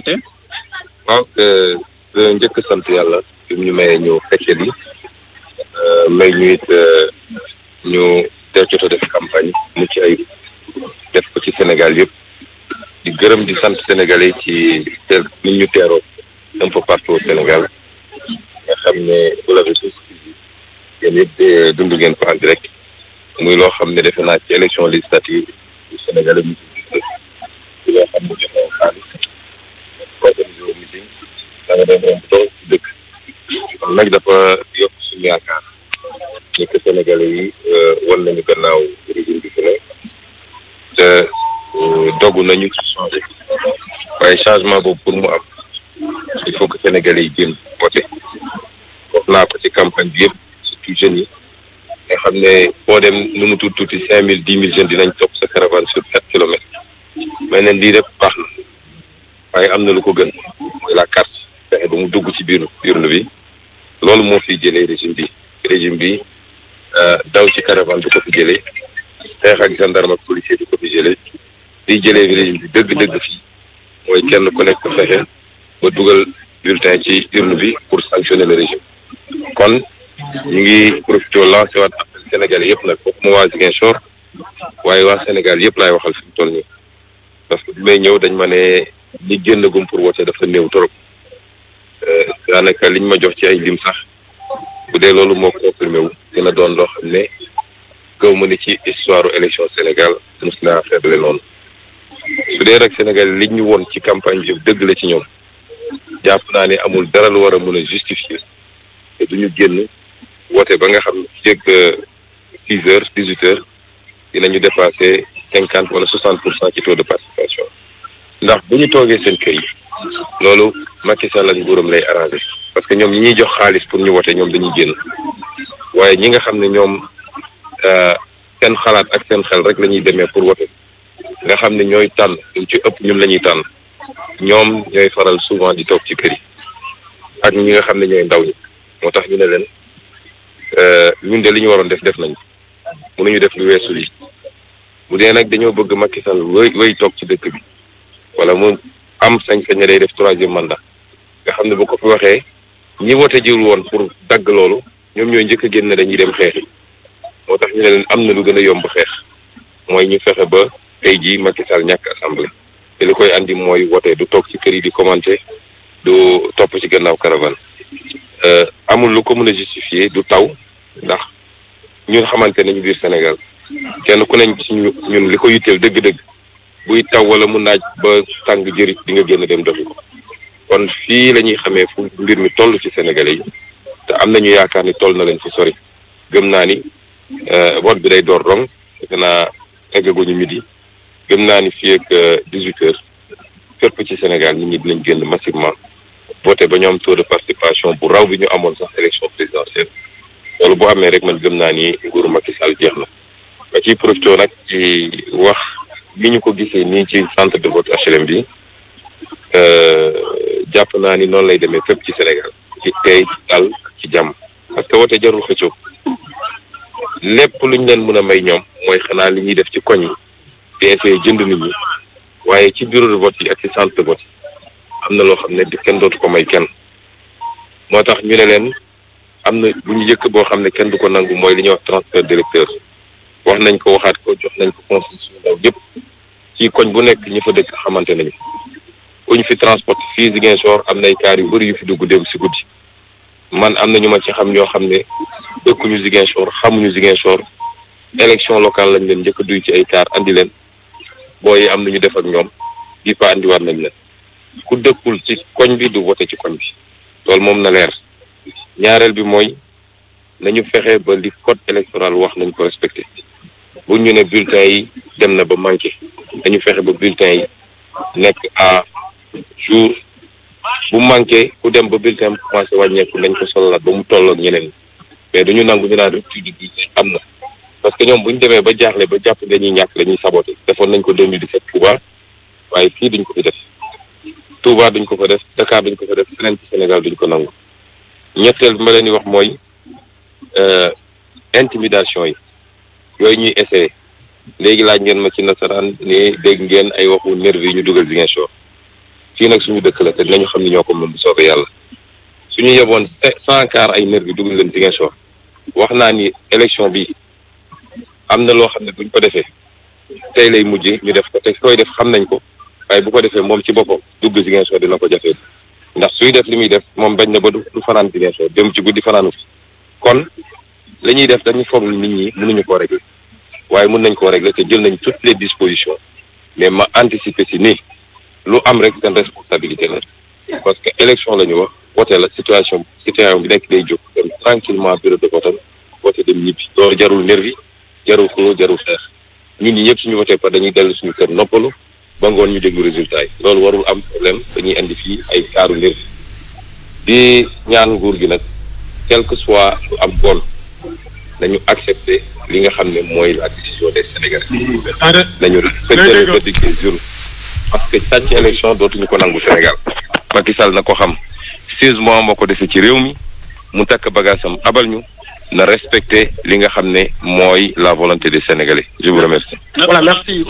côté. waaw euh, njëkk sant yàlla bi ñu mayee ñu fekke li euh, may ñu it euh, ñu jot def campagne mu ci ay def ko ci Sénégal yëpp di gërëm di sant Sénégalais ci teel ni ñu teeroo un peu partout au Sénégal nga xam ne vous l'avez tous direct muy loo xam ne defe naa ci élection législative du nga doon romb trop ci dëkk kon nag dafa yokk suñu yaakaar ni que yi euh, wan nañu gannaaw régime bi fi ne te euh, dogu nañu changé waaye changement boobu pour mu am il faut que Sénégalais yi génn voté wax naa ko ci campagne bi yëpp surtout jeunes yi nga xam ne boo dem nu mu tuuti tuuti cinq mille dix mille jeunes dinañ topp sa caravane sur quatre kilomètres mais neen lii rek baax na waaye am na lu ko gën mooy la mu dugg ci biir urne bi loolu moo fi jëlee régime bi régime bi euh, daw ci caravane du ko fi jëlee xeex ak gendarme policier du ko fi jëlee liy jëlee régime bi dëgg-dëgg fii mooy kenn ku fexe ba dugal bulletin ci urne bi pour sanctionner régime kon mu ngi profité la waat appel Sénégalais yëpp nag foofu mu waa Ziguinchor waaye waa Sénégal yëpp laay waxal fi mu toll nii parce que bi ñëw dañ ma ne li génn gum pour wote dafa néew trop. daanaka liñ ma jox ci ay lim sax bu dee loolu moo confirmé wu dina doon loo xam ne gëw ma ni ci histoire élection Sénégal mos naa faible noonu su dee rek Sénégal liñ ñu woon ci campagne bi dëgg la ci ñoom jàpp naa ne amul dara lu war a mën a justifier te duñu génn woote ba nga xam ne jég euh, six heures dix huit heures dinañu cinquante wala soixante pour cent ci taux de participation ndax bu ñu toogee seen kër yi loolu Macky Sall ak nguuram lay arrangé parce que ñoom ñi ñuy jox xaalis pour ñu wote ñoom dañuy génn waaye ñi nga xam ne ñoom euh, seen xalaat ak seen xel rek lañuy demee pour wote nga xam ne ñooy tànn ñu ci ëpp ñun lañuy ñuy tànn ñoom ñooy faral souvent di toog ci kër yi ak ñi nga xam ne ñooy ndaw ñi moo tax ñu ne leen euh, ñun de li ñu waroon def def nañ ñu def lu weesu lii bu dee nag dañoo bëgg Macky Sall wéy wéy toog ci dëkk bi wala mu am sañ-sañ ne day def troisième mandat nga xam ne bu ko fi waxee ñi wote jiwul woon pour dagg loolu ñoom ñooy njëkk a génn dañuy dem xeexi moo tax ñu ne leen am na lu gën a yomb xeex mooy ñu fexe ba tey jii Macky Sall ñàkk assemblée te li koy andi mooy wote du toog ci kër yi di commenter du topp ci gannaaw caravane euh, amul lu ko mën a justifier du taw ndax ñun xamante nañu biir Sénégal kenn ku neñ ci ñun li ko yitteel dëgg-dëgg buy taw wala mu naaj ba tàng jëriñ di nga génn dem doxi ko kon fii la ñuy xamee fu mbir mi toll ci Sénégalais yi te am nañu yaakaar ni toll na leen fu sori gëm naa ni euh, vote bi day door rong defe naa ñu midi gëm naa ni fii ak 18 euh, heures fépp ci Sénégal ni ñi dinañ génn massivement voté ba ñu am taux de participation bu raw bi ñu amoon sax élection présidentielle loolu bu amee rek man gëm naa ni nguuru Macky Sall jeex na ba ciy profité nag ci wax bi ñu ko gisee nii ci centre de vote HLM bi. Euh, jàpp naa ni noonu lay demee fépp ci Sénégal ci tey dal ci jàmm parce que woote jarul xëccoo lépp luñ leen mën a may ñoom mooy xanaa li ñuy def ci koñ yi di jënd nit ñi waaye ci bureau de vote yi ak ci centre de vote yi am na loo xam ne di kenn dootu ko may kenn moo tax ñu ne leen am na luñu ñu njëkk boo xam ne kenn du ko nangu mooy li ñuy wax transfert d'électeurs wax nañ ko waxaat ko jox nañ ko constitution daw ci koñ bu nekk ñu fa dëkk xamante nañu ku ñu fi transport fii Ziguinchor am ay kaar yu bëri yu fi dugg démb si guddi man am na ñu ma ci xam ñoo xam ne dëkkuñu Ziguinchor xamuñu Ziguinchor élection locale lañ leen njëkk duy ci ay kaar andi leen booy am na ñu def ak ñoom di pa andiwaat nañ leen ku dëkkul ci koñ bi du vote ci koñ bi loolu moom na leer ñaareel bi mooy nañu fexe ba li code électoral wax nañ ko respecté bu ñu ne bulletin yi dem na ba manqué nañu fexe ba bulletin yi nekk jour bu manqué ku dem ba bulletin bu commencé wàññeeku nañ ko sololaat ba mu tolloog ñeneen mais du ñu nangu ñu naan rupture de budget am na parce que ñoom bu ñu demee ba jaaxle ba jàpp dañuy ñàkk dañuy saboté defoon nañ ko 2017 Touba waaye fii duñ ko fi def Touba duñ ko fa def Dakar duñ ko fa def feneen ci Sénégal duñ ko nangu ñetteel bi ma leen di wax mooy euh, intimidation yi yooyu ñuy essayé léegi laaj ngeen ma ci nasaraan ni dégg ngeen ay waxu nervi yi ñu dugal Ziguinchor fii nag suñu dëkk la te nañu xam ne ñoo ko moom bu soobee yàlla suñu yeboon eh, cent car ay nervi dugg leen Ziguinchor wax naa ni élection bi am na loo xam ne buñ ko defee tey lay mujj ñu def ko te koy def xam nañ ko waaye bu ko defee moom ci boppam dugg Ziguinchor dina ko jafee ndax suy def li muy def moom bañ ne ba du fanaan Ziguinchor dem ci guddi fanaanu kon lañuy def dañu foog nit ñi mënuñu ko régler waaye mën nañ ko régler te jël nañ toutes les dispositions mais ma anticiper si nii lu am rek seen responsabilité la parce que élection la ñu wax voté la situation situation bi nekk day jóg dem tranquillement bureau de vote voté dem ñibbi loolu jarul nervi jarul xuloo jarul ñi ñëpp suñu voté par dañuy dellu suñu kër noppalu ba ngoon ñu déglu résultat yi loolu warul am problème dañuy indi fii ay kaaru nervi di ñaan nguur gi nag quel soit lu am goon nañu accepté li nga xam ne mooy la décision des Sénégalais nañu respecté le verdict des urnes parce que sàcc élection dootuñu ko nangu Sénégal makisal na ko xam 16 mois moo ko defee ci réew mi mu takk bagaasam abal ñu na respecter li nga xam ne mooy la volonté des Sénégalais je vous remercie. voilà merci.